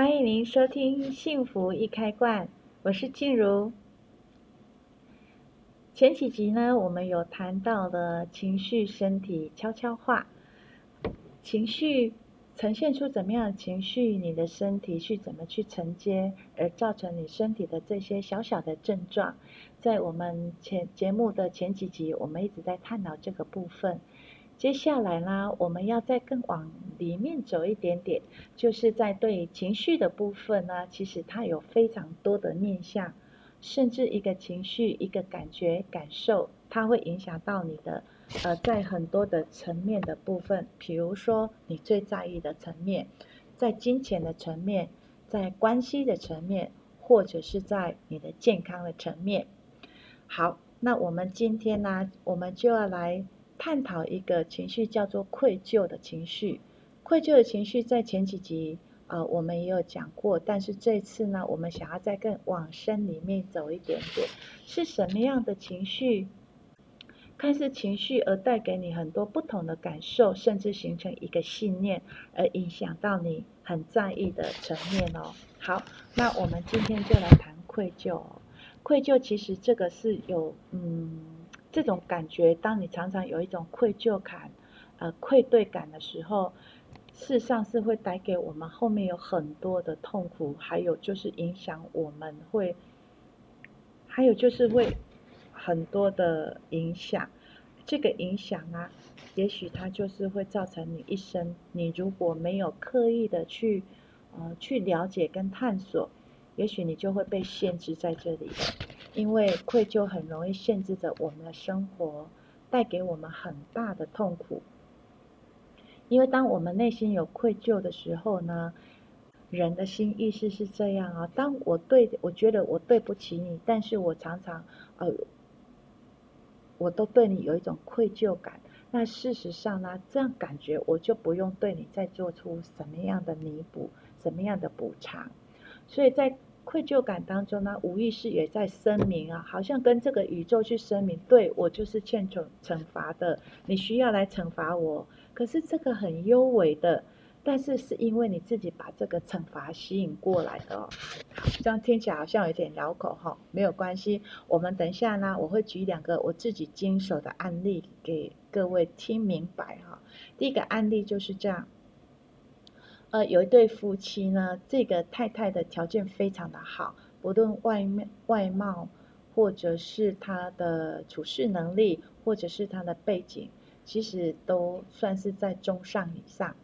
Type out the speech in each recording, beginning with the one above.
歡迎您收聽《幸福易開罐》，我是靜茹。前幾集呢，我們有談到了情緒、身體悄悄話，情緒呈現出怎麼樣的情緒，你的身體去怎麼去承接，而造成你身體的這些小小的症狀，在我們前節目的前幾集，我們一直在探討這個部分。接下來呢，我們要再更往裡面走一點點，就是在對情緒的部分呢，其實它有非常多的面向，甚至一個情緒、一個感覺、感受，它會影響到你的呃，在很多的層面的部分，比如說你最在意的層面，在金錢的層面，在關係的層面，或者是在你的健康的層面。好，那我們今天呢，我們就要來。探討一個情緒叫做愧疚的情緒，愧疚的情緒在前幾集啊、呃、我們也有講過，但是這次呢，我們想要再更往深裡面走一點點，是什麼樣的情緒？看似情緒而帶給你很多不同的感受，甚至形成一個信念，而影響到你很在意的層面哦。好，那我們今天就來談愧疚。愧疚其實這個是有嗯。這種感覺，當你常常有一種愧疚感、呃愧對感的時候，事實上是會帶給我們後面有很多的痛苦，還有就是影響我們會，還有就是會很多的影響。這個影響啊，也許它就是會造成你一生。你如果沒有刻意的去，呃，去了解跟探索，也許你就會被限制在這裡。因為愧疚很容易限制着我們的生活，帶給我們很大的痛苦。因為當我們內心有愧疚的時候呢，人的心意思是這樣啊：當我對我覺得我對不起你，但是我常常呃，我都對你有一種愧疚感。那事實上呢，這樣感覺我就不用對你再做出什麼樣的彌補、什麼樣的補償。所以在愧疚感當中呢，無意識也在聲明啊，好像跟這個宇宙去聲明，對，我就是欠懲懲罰的，你需要來懲罰我。可是這個很幽微的，但是是因為你自己把這個懲罰吸引過來的哦、喔。這樣聽起來好像有點繞口哈，沒有關係，我們等一下呢，我會舉兩個我自己經手的案例給各位聽明白哈。第一個案例就是這樣。呃，有一對夫妻呢，這個太太的條件非常的好，不論外面外貌，或者是他的處事能力，或者是他的背景，其實都算是在中上以上。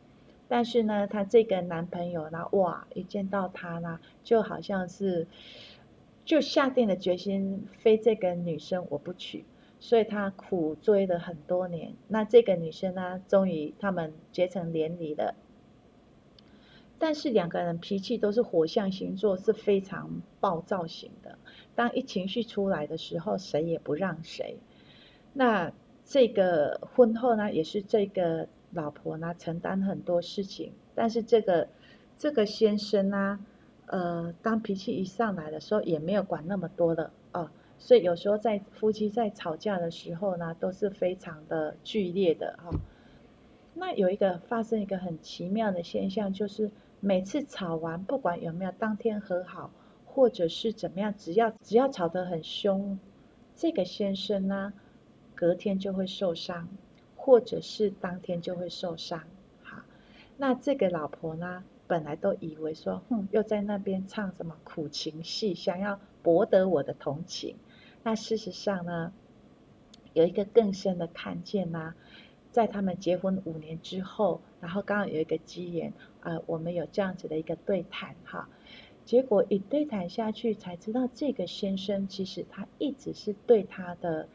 但是呢，他這個男朋友呢，哇，一見到她呢，就好像是就下定了決心，非這個女生我不娶。所以他苦追了很多年，那這個女生呢，終於他們結成連理了。但是兩個人脾氣都是火象星座，是非常暴躁型的。當一情緒出來的時候，誰也不讓誰。那這個婚後呢，也是這個老婆呢承擔很多事情。但是這個這個先生呢、啊，呃，當脾氣一上來的時候，也沒有管那麼多的哦、啊。所以有時候在夫妻在吵架的時候呢，都是非常的劇烈的哈、啊。那有一個發生一個很奇妙的現象，就是。每次吵完，不管有沒有當天和好，或者是怎麼樣，只，只要只要吵得很兇，這個先生呢，隔天就會受傷，或者是當天就會受傷。好，那這個老婆呢，本來都以為說，哼、嗯，又在那邊唱什麼苦情戲，想要博得我的同情。那事實上呢，有一個更深的看見呢、啊。在他們結婚五年之後，然後剛好有一個機緣啊，我們有這樣子的一個對談哈。結果一對談下去，才知道這個先生其實他一直是對他的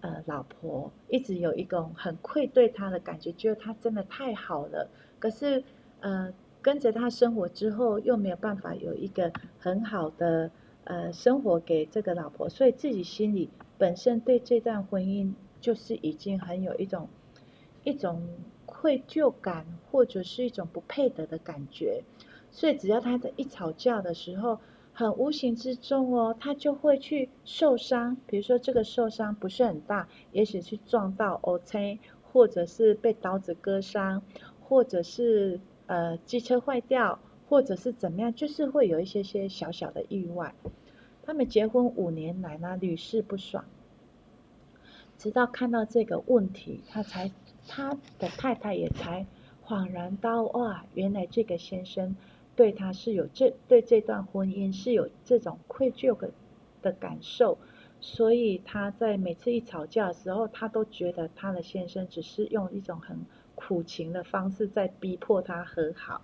呃老婆一直有一種很愧對她的感覺，覺得他真的太好了。可是呃跟着他生活之後，又沒有辦法有一個很好的呃生活給這個老婆，所以自己心裡本身對這段婚姻就是已經很有一種。一種愧疚感，或者是一種不配得的感覺，所以只要他在一吵架的時候，很無形之中哦，他就會去受傷。比如說這個受傷不是很大，也許是撞到 OK，或者是被刀子割傷，或者是呃機車壞掉，或者是怎麼樣，就是會有一些些小小的意外。他們結婚五年來呢，屢試不爽，直到看到這個問題，他才。他的太太也才恍然大悟啊，原來這個先生對他是有這對這段婚姻是有這種愧疚的的感受，所以他在每次一吵架的時候，他都覺得他的先生只是用一種很苦情的方式在逼迫他和好。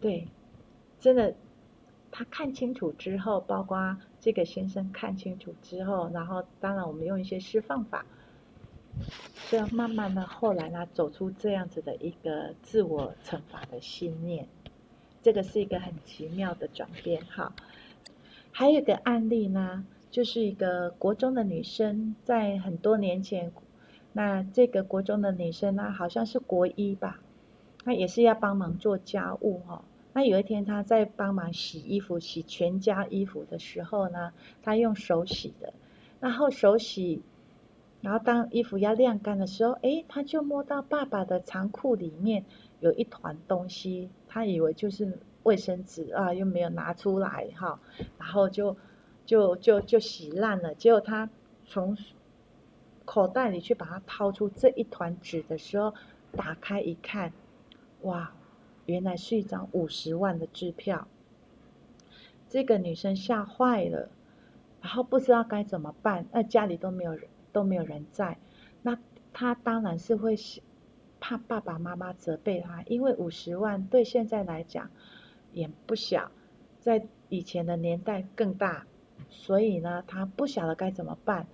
對，真的，他看清楚之後，包括這個先生看清楚之後，然後當然我們用一些釋放法。所以慢慢的，後來呢，走出這樣子的一個自我懲罰的信念，這個是一個很奇妙的轉變哈。還有一個案例呢，就是一個國中的女生，在很多年前，那這個國中的女生呢，好像是國一吧，那也是要幫忙做家務哈、哦。那有一天她在幫忙洗衣服，洗全家衣服的時候呢，她用手洗的，然後手洗。然後當衣服要晾乾的時候，哎，他就摸到爸爸的長褲裡面有一團東西，他以為就是衛生紙啊，又沒有拿出來哈，然後就就就就洗爛了。結果他從口袋裡去把它掏出這一團紙的時候，打開一看，哇，原來是一張五十萬的支票。這個女生嚇壞了，然後不知道該怎麼辦，那、啊、家裡都沒有人。都沒有人在，那他當然是會怕爸爸媽媽責備他，因為五十萬對現在來講也不小，在以前的年代更大，所以呢，他不曉得該怎麼辦，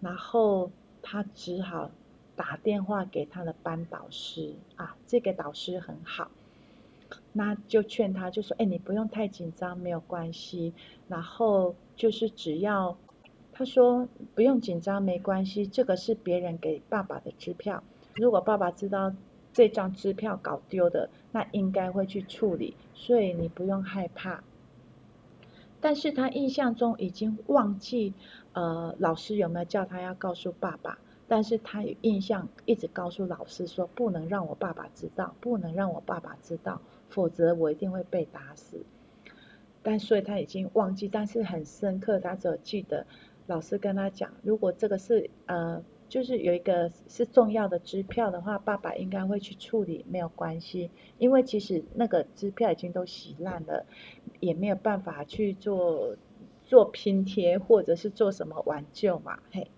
然後他只好打電話給他的班導師啊，這個導師很好，那就勸他，就說：“哎，你不用太緊張，沒有關係。”然後就是只要。他說：“不用緊張，沒關係，這個是別人給爸爸的支票。如果爸爸知道這張支票搞丟的，那應該會去處理，所以你不用害怕。”但是，他印象中已經忘記，呃，老師有沒有叫他要告訴爸爸？但是他有印象，一直告訴老師說：“不能讓我爸爸知道，不能讓我爸爸知道，否則我一定會被打死。”但所以他已經忘記，但是很深刻，他只有記得。老師跟他講，如果這個是呃，就是有一個是重要的支票的話，爸爸應該會去處理，沒有關係，因為其實那個支票已經都洗爛了，也沒有辦法去做做拼貼或者是做什麼挽救嘛，嘿。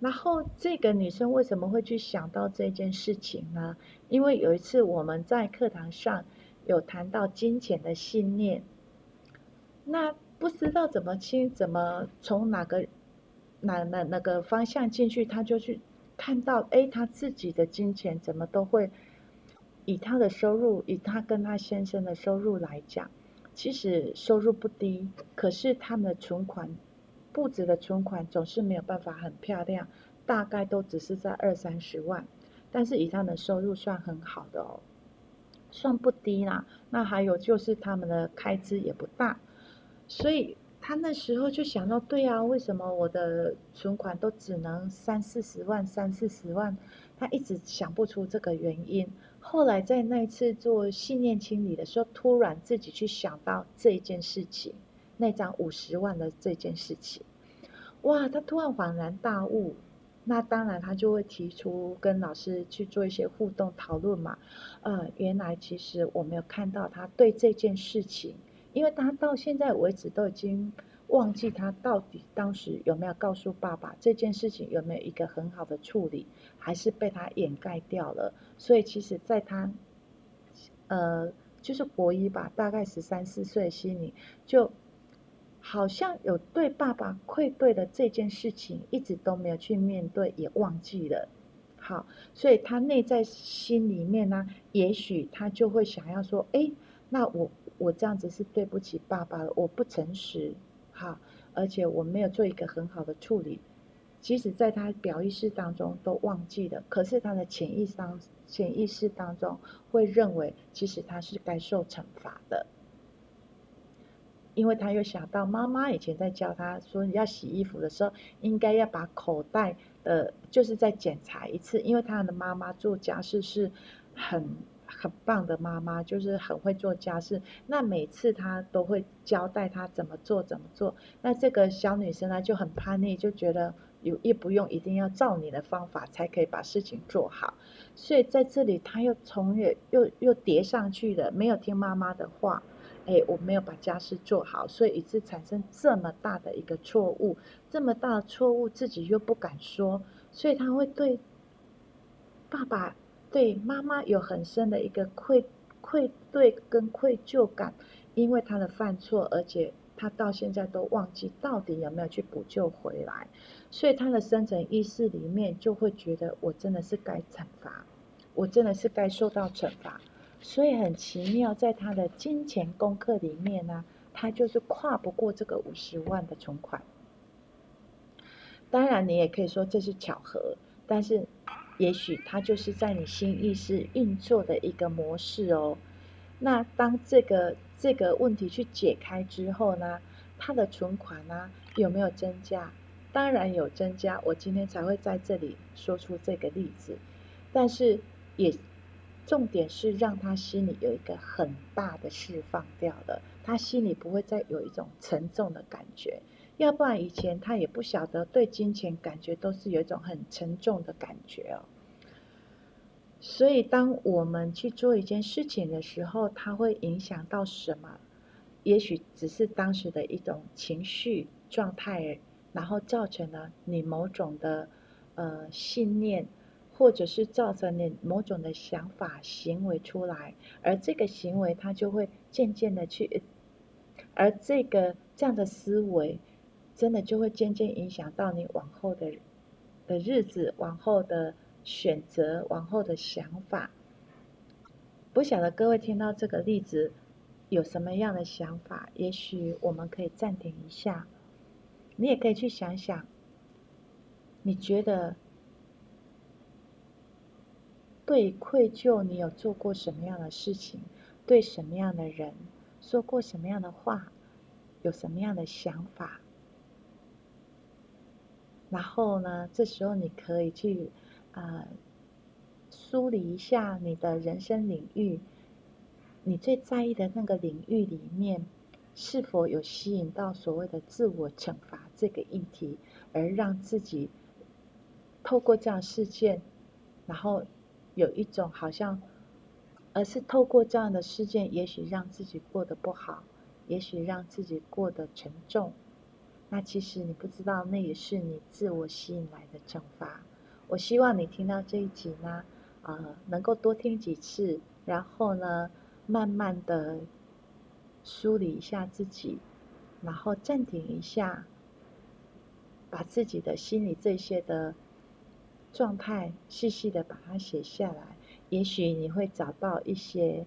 然後這個女生為什麼會去想到這件事情呢？因為有一次我們在課堂上有談到金錢的信念，那。不知道怎麼清，怎麼從哪個哪、哪、哪、哪個方向進去，他就去看到，哎，他自己的金錢怎麼都會以他的收入，以他跟他先生的收入來講，其實收入不低，可是他們的存款、布置的存款總是沒有辦法很漂亮，大概都只是在二三十萬，但是以他們的收入算很好的哦，算不低啦，啊。那還有就是他們的開支也不大。所以他那時候就想到，對啊，為什麼我的存款都只能三四十萬、三四十萬？他一直想不出這個原因。後來在那次做信念清理的時候，突然自己去想到這件事情，那張五十萬的這件事情，哇！他突然恍然大悟。那當然，他就會提出跟老師去做一些互動討論嘛。呃，原來其實我沒有看到他對這件事情。因為他到現在為止都已經忘記他到底當時有沒有告訴爸爸這件事情，有沒有一個很好的處理，還是被他掩蓋掉了。所以其實，在他呃，就是國一吧，大概十三四歲的心裡，就好像有對爸爸愧對的這件事情，一直都沒有去面對，也忘記了。好，所以他內在心裡面呢，也許他就會想要說：“誒，那我。”我這樣子是對不起爸爸的，我不誠實，哈，而且我沒有做一個很好的處理。其實在他表意識當中都忘記了，可是他的潛意識、潛意識當中會認為，其實他是該受懲罰的，因為他又想到媽媽以前在教他說，你要洗衣服的時候，應該要把口袋的，呃，就是再檢查一次，因為他的媽媽做家事是很。很棒的媽媽，就是很會做家事。那每次她都會交代她怎麼做怎麼做。那這個小女生呢，就很叛逆，就覺得有也不用一定要照你的方法才可以把事情做好。所以在這裡，她又從也又又疊上去的，沒有聽媽媽的話。哎，我沒有把家事做好，所以一次產生這麼大的一個錯誤，這麼大的錯誤自己又不敢說，所以她會對爸爸。對媽媽有很深的一個愧愧對跟愧疚感，因為他的犯錯，而且他到現在都忘記到底有沒有去補救回來，所以他的深層意識裡面就會覺得我真的是該懲罰，我真的是該受到懲罰。所以很奇妙，在他的金錢功課裡面呢，他就是跨不過這個五十萬的存款。當然你也可以說這是巧合，但是。也許他就是在你心意識運作的一個模式哦。那當這個這個問題去解開之後呢，他的存款呢，啊，有沒有增加？當然有增加，我今天才會在這裡說出這個例子。但是也重點是讓他心裡有一個很大的釋放掉了，他心裡不會再有一種沉重的感覺。要不然以前他也不曉得，對金錢感覺都是有一種很沉重的感覺哦。所以當我們去做一件事情的時候，它會影響到什麼？也許只是當時的一種情緒狀態，然後造成了你某種的呃信念，或者是造成你某種的想法行為出來，而這個行為它就會漸漸的去，而這個這樣的思維。真的就會漸漸影響到你往後的的日子、往後的選擇、往後的想法。不曉得各位聽到這個例子有什麼樣的想法？也許我們可以暫停一下，你也可以去想想，你覺得對愧疚，你有做過什麼樣的事情？對什麼樣的人說過什麼樣的話？有什麼樣的想法？然後呢，這時候你可以去啊、呃、梳理一下你的人生領域，你最在意的那個領域裡面是否有吸引到所謂的自我懲罰這個議題，而讓自己透過這樣的事件，然後有一種好像，而是透過這樣的事件，也許讓自己過得不好，也許讓自己過得沉重。那其實你不知道，那也是你自我吸引來的懲罰。我希望你聽到這一集呢，呃，能夠多聽幾次，然後呢，慢慢的梳理一下自己，然後暫停一下，把自己的心裡這些的狀態細細的把它寫下來，也許你會找到一些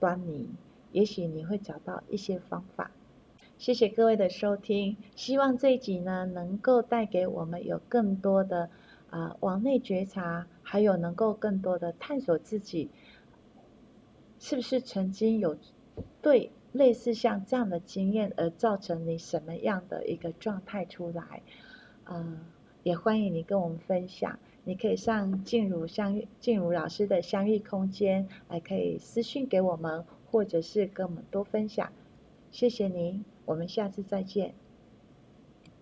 端倪，也許你會找到一些方法。謝謝各位的收聽，希望這一集呢能夠帶給我們有更多的啊、呃，往內覺察，還有能夠更多的探索自己，是不是曾經有對類似像這樣的經驗而造成你什麼樣的一個狀態出來？嗯、呃，也歡迎你跟我們分享，你可以上靜茹相遇靜茹老師的相遇空間，還可以私信給我們，或者是跟我們多分享。謝謝您。我們下次再見。